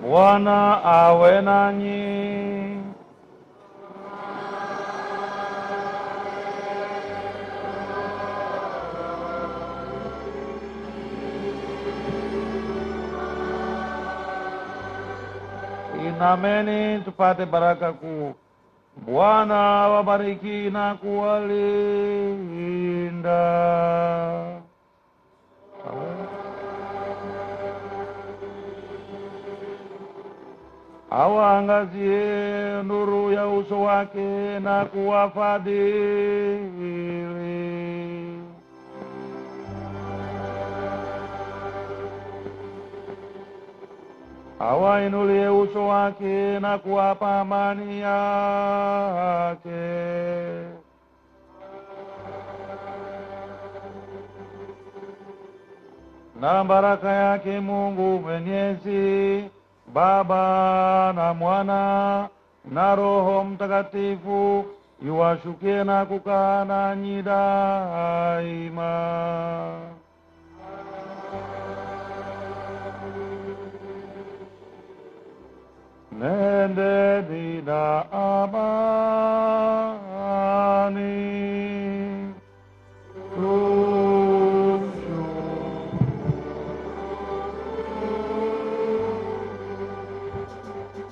Bwana awe nanyi. Inameni tupate baraka kuu. Bwana wabariki na kuwali awaangazie nuru ya uso wake na kuwafadhili. Awainulie uso wake na kuwapa amani yake. Na baraka yake Mungu Mwenyezi Baba na Mwana na Roho Mtakatifu iwashukie na kukaa nanyi daima. Nendeni na amani.